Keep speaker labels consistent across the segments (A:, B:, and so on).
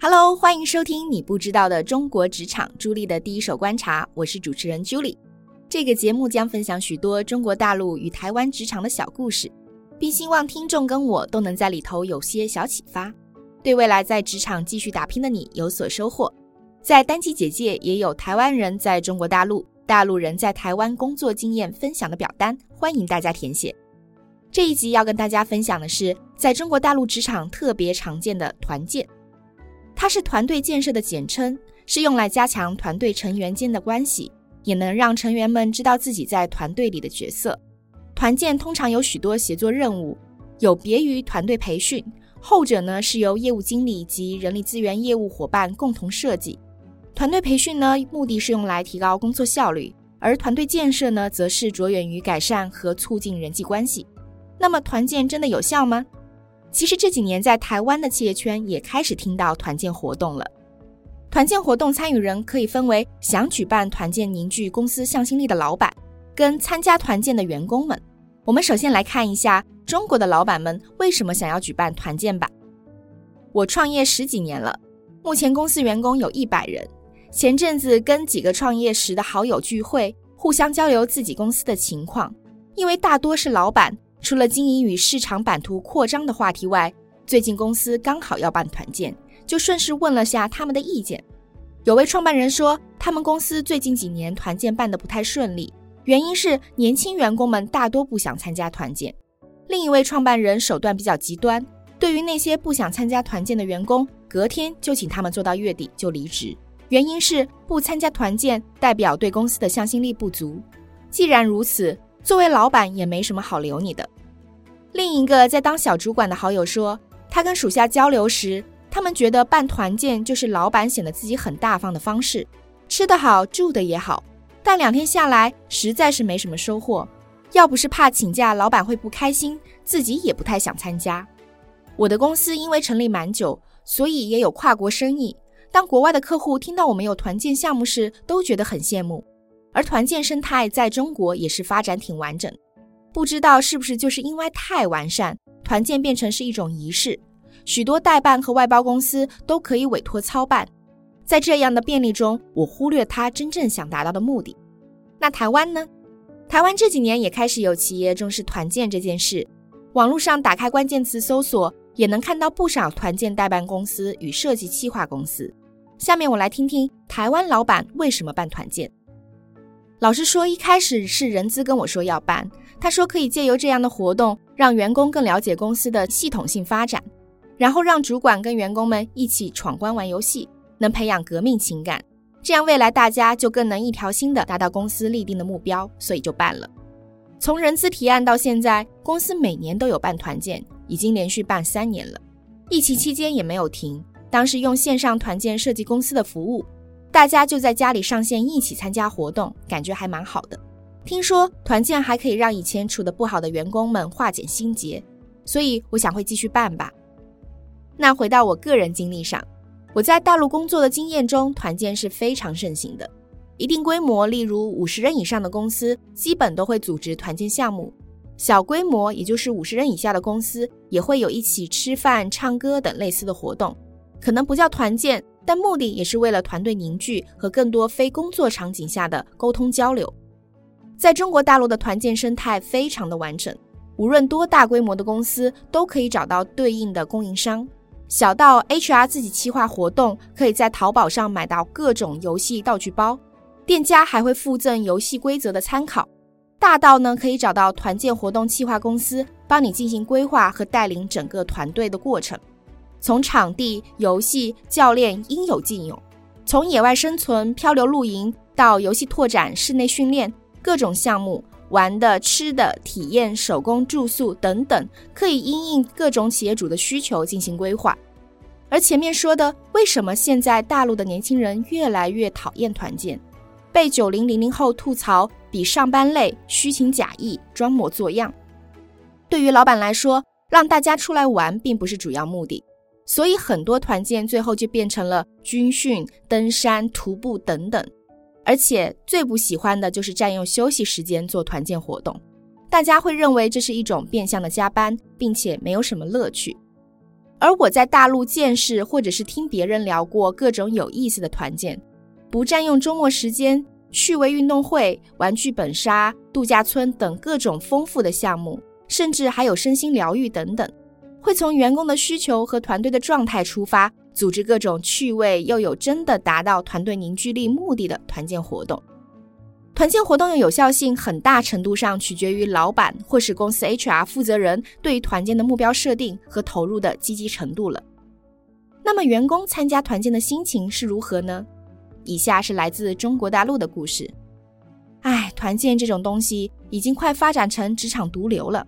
A: 哈嘍，Hello, 歡迎收聽你不知道的中國職場，朱俐的第一手觀察，我是主持人朱俐。這個節目將分享許多中國大陸與台灣職場的小故事，並希望聽眾跟我都能在裡頭有些小啟發，對未來在職場繼續打拼的你有所收穫。在單集簡介也有台灣人在中國大陸、大陸人在台灣工作經驗分享的表單，歡迎大家填寫。這一集要跟大家分享的是，在中國大陸職場特別常見的團建。它是團隊建設的簡稱，是用來加強團隊成員間的關係，也能讓成員們知道自己在團隊裡的角色。團建通常有許多協作任務，有別於團隊培訓，後者呢是由業務經理及人力資源業務夥伴共同設計。團隊培訓呢，目的是用來提高工作效率，而團隊建設呢，則是着眼於改善和促進人際關係。那麼，團建真的有效嗎？其實這幾年在台灣的企業圈也開始聽到團建活動了。團建活動參與人可以分為想舉辦團建凝聚公司向心力的老板，跟參加團建的員工們。我們首先來看一下中國的老板們為什麼想要舉辦團建吧。我創業十幾年了，目前公司員工有一百人。前陣子跟幾個創業時的好友聚會，互相交流自己公司的情況，因為大多是老板。除了經營與市場版圖擴張的話題外，最近公司剛好要辦團建，就順勢問了下他們的意見。有位創辦人說，他們公司最近幾年團建辦得不太順利，原因是年輕員工們大多不想參加團建。另一位創辦人手段比較極端，對於那些不想參加團建的員工，隔天就請他們做到月底就離職，原因是不參加團建代表對公司的向心力不足。既然如此，作為老闆也沒什麼好留你的。另一個在當小主管的好友說，他跟屬下交流時，他們覺得辦團建就是老闆顯得自己很大方的方式，吃得好，住得也好，但兩天下來實在是沒什麼收穫。要不是怕請假，老闆會不開心，自己也不太想參加。我的公司因為成立蠻久，所以也有跨國生意。當國外的客戶聽到我們有團建項目時，都覺得很羨慕。而團建生態在中國也是發展挺完整的，不知道是不是就是因為太完善，團建變成是一種儀式，許多代辦和外包公司都可以委託操辦，在這樣的便利中，我忽略它真正想達到的目的。那台灣呢？台灣這幾年也開始有企業重視團建這件事，網絡上打開關鍵詞搜索也能看到不少團建代辦公司與設計企劃公司。下面我來聽聽台灣老闆為什麼辦團建。老實說，一開始是人資跟我說要辦，他說可以借由這樣的活動，讓員工更了解公司的系統性發展，然後讓主管跟員工們一起闖關玩遊戲，能培養革命情感，這樣未來大家就更能一條心的達到公司立定的目標，所以就辦了。從人資提案到現在，公司每年都有辦團建，已經連續辦三年了，疫情期間也沒有停，當時用線上團建設計公司的服務。大家就在家裡上線一起參加活動，感覺還蠻好的。聽說團建還可以讓以前處得不好的員工們化解心結，所以我想會繼續辦吧。那回到我個人經歷上，我在大陸工作的經驗中，團建是非常盛行的。一定規模，例如五十人以上的公司，基本都會組織團建項目；小規模，也就是五十人以下的公司，也會有一起吃飯、唱歌等類似的活動，可能不叫團建。但目的也是為了團隊凝聚，和更多非工作場景下的溝通交流。在中國大陸的團建生態非常的完整，無論多大規模的公司都可以找到對應的供應商。小到 HR 自己企劃活動，可以在淘寶上買到各種遊戲道具包，店家還會附贈遊戲規則的參考。大到呢，可以找到團建活動企劃公司，幫你進行規劃和帶領整個團隊的過程。從場地、遊戲、教練，應有盡有，從野外生存、漂流、露營到遊戲拓展、室內訓練，各種項目，玩的、吃的、體驗、手工、住宿等等，可以因應各種企業主的需求進行規劃。而前面說的為什麼現在大陸的年輕人越來越討厭團建，被九零零零後吐槽比上班累、虛情假意、裝模作樣，對於老闆來說，讓大家出來玩並不是主要目的。所以很多團建最後就變成了軍訓、登山、徒步等等，而且最不喜歡的就是占用休息時間做團建活動，大家會認為這是一種變相的加班，並且沒有什麼樂趣。而我在大陸見識或者是聽別人聊過各種有意思的團建，不占用周末時間，趣味運動會、玩劇本殺、度假村等各種豐富的項目，甚至還有身心療癒等等。會從員工的需求和團隊的狀態出發，組織各種趣味又有真的達到團隊凝聚力目的的團建活動。團建活動的有，有效性很大程度上取決於老闆或是公司 HR 負責人對於團建的目標設定和投入的積極程度了。那麼，員工參加團建的心情是如何呢？以下是來自中國大陸的故事。唉，團建這種東西已經快發展成職場毒瘤了。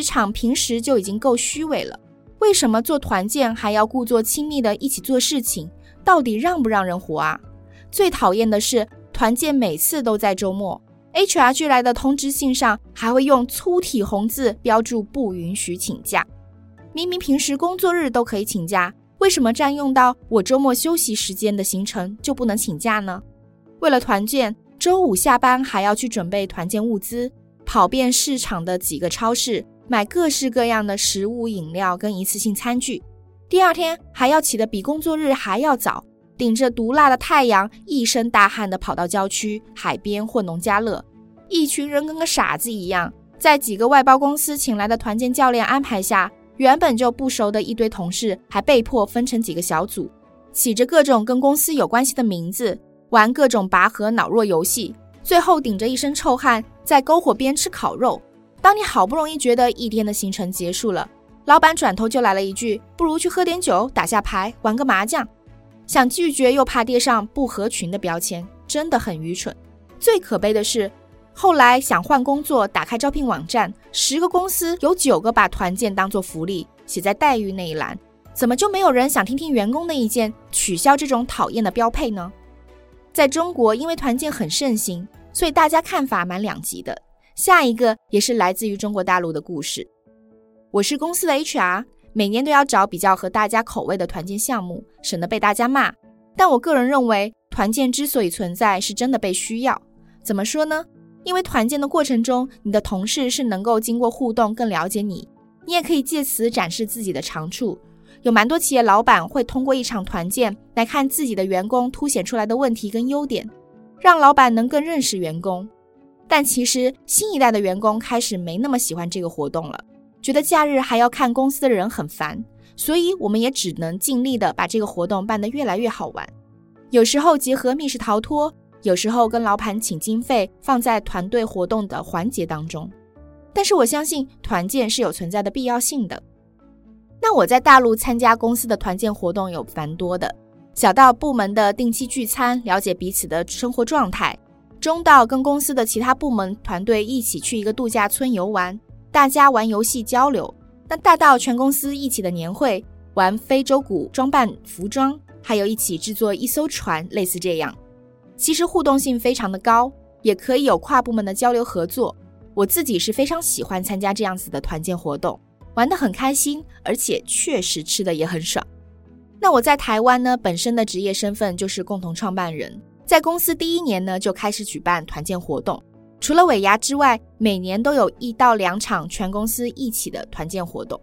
A: 職場平時就已經夠虛偽了，為什麼做團建還要故作親密的一起做事情？到底讓不讓人活啊？最討厭的是團建每次都在周末，HR 寄來的通知信上還會用粗體紅字標注不允許請假。明明平時工作日都可以請假，為什麼占用到我周末休息時間的行程就不能請假呢？為了團建，周五下班還要去準備團建物資，跑遍市場的幾個超市。買各式各樣的食物、飲料跟一次性餐具，第二天還要起得比工作日還要早，頂着毒辣的太陽，一身大汗地跑到郊區、海邊或農家樂。一群人跟個傻子一樣，在幾個外包公司請來的團建教練安排下，原本就不熟的一堆同事還被迫分成幾個小組，起着各種跟公司有關係的名字，玩各種拔河、腦弱遊戲，最後頂着一身臭汗，在篝火邊吃烤肉。當你好不容易覺得一天的行程結束了，老闆轉頭就來了一句：“不如去喝點酒，打下牌，玩個麻將。”想拒絕又怕貼上不合群的標籤，真的很愚蠢。最可悲的是，後來想換工作，打開招聘網站，十個公司有九個把團建當作福利寫在待遇那一欄，怎麼就沒有人想聽聽員工的意見，取消這種討厭的標配呢？在中國，因為團建很盛行，所以大家看法蠻兩極的。下一個也是來自於中國大陸的故事。我是公司的 HR，每年都要找比較合大家口味的團建項目，省得被大家罵。但我個人認為，團建之所以存在，是真的被需要。怎麼說呢？因為團建的過程中，你的同事是能夠經過互動更了解你，你也可以借此展示自己的長處。有蠻多企業老板會通過一場團建來看自己的員工凸顯出來的問題跟優點，讓老板能更認識員工。但其實新一代的員工開始沒那麼喜歡這個活動了，覺得假日還要看公司的人很煩，所以我們也只能盡力的把這個活動辦得越來越好玩。有時候結合密室逃脫，有時候跟老板請經費放在團隊活動的環節當中。但是我相信團建是有存在的必要性的。那我在大陸參加公司的團建活動有蠻多的，小到部門的定期聚餐，了解彼此的生活狀態。中到跟公司的其他部門團隊一起去一個度假村遊玩，大家玩遊戲交流。那大到全公司一起的年會，玩非洲鼓、裝扮服裝，還有一起制作一艘船，類似這樣。其實互動性非常的高，也可以有跨部門的交流合作。我自己是非常喜歡參加這樣子的團建活動，玩的很開心，而且確實吃的也很爽。那我在台灣呢，本身的職業身份就是共同創辦人。在公司第一年呢，就開始舉辦團建活動。除了尾牙之外，每年都有一到兩場全公司一起的團建活動。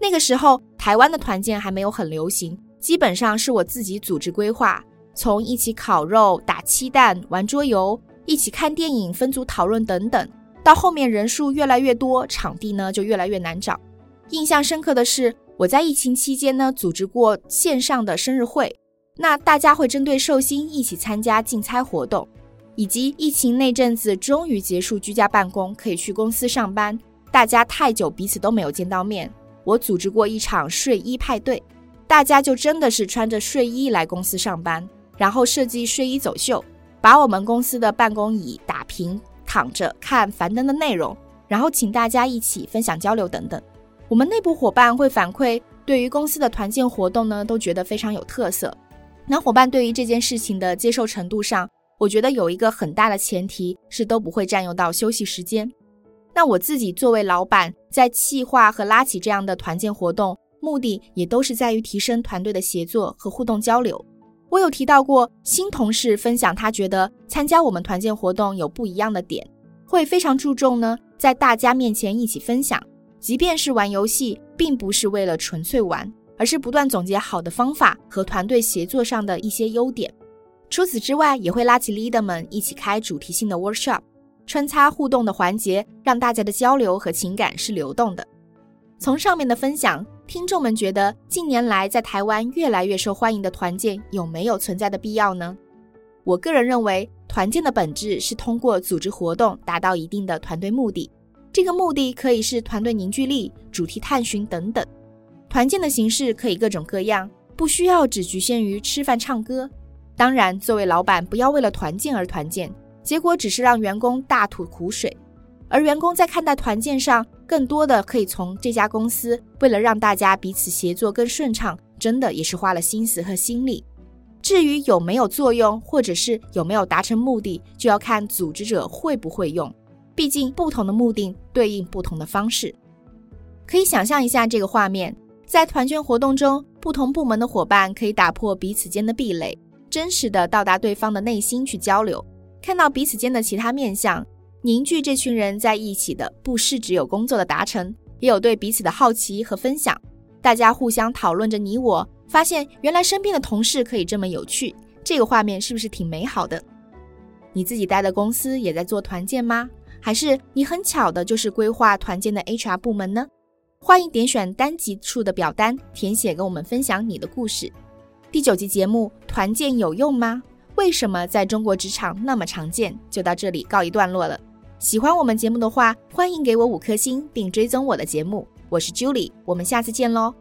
A: 那個時候，台灣的團建還沒有很流行，基本上是我自己組織規劃，從一起烤肉、打漆彈、玩桌遊、一起看電影、分組討論等等。到後面人數越來越多，場地呢就越來越難找。印象深刻的是，我在疫情期間呢，組織過線上的生日會。那大家會針對壽星一起參加競猜活動，以及疫情那陣子終於結束居家辦公，可以去公司上班，大家太久彼此都沒有見到面。我組織過一場睡衣派對，大家就真的是穿着睡衣來公司上班，然後設計睡衣走秀，把我們公司的辦公椅打平，躺着看樊登的內容，然後請大家一起分享交流等等。我們內部伙伴會反饋，對於公司的團建活動呢，都覺得非常有特色。男夥伴對於這件事情的接受程度上，我覺得有一個很大的前提是都不會占用到休息時間。那我自己作為老闆，在企劃和拉起這樣的團建活動，目的也都是在於提升團隊的協作和互動交流。我有提到過，新同事分享他覺得參加我們團建活動有不一樣的點，會非常注重呢，在大家面前一起分享，即便是玩遊戲，並不是為了純粹玩。而是不斷總結好的方法和團隊協作上的一些優點。除此之外，也會拉起 leader 們一起開主題性的 workshop，穿插互動的環節，讓大家的交流和情感是流動的。從上面的分享，聽眾們覺得近年來在台灣越來越受歡迎的團建有沒有存在的必要呢？我個人認為，團建的本質是通過組織活動達到一定的團隊目的，這個目的可以是團隊凝聚力、主題探尋等等。團建的形式可以各種各樣，不需要只局限於吃飯唱歌。當然，作為老板，不要為了團建而團建，結果只是讓員工大吐苦水。而員工在看待團建上，更多的可以從這家公司為了讓大家彼此協作更順暢，真的也是花了心思和心力。至於有沒有作用，或者是有沒有達成目的，就要看組織者會不會用。畢竟不同的目的對應不同的方式。可以想象一下這個畫面。在團建活動中，不同部門的夥伴可以打破彼此間的壁壘，真實的到達對方的內心去交流，看到彼此間的其他面相，凝聚這群人在一起的，不是只有工作的達成，也有對彼此的好奇和分享。大家互相討論着你我，發現原來身邊的同事可以這麼有趣，這個畫面是不是挺美好的？你自己待的公司也在做團建嗎？還是你很巧的就是規劃團建的 HR 部門呢？歡迎點選單集處的表單填寫，跟我們分享你的故事。第九集節目團建有用嗎？為什麼在中國職場那麼常見？就到這裡告一段落了。喜歡我們節目的話，歡迎給我五顆星，並追蹤我的節目。我是 Julie，我們下次見嘍。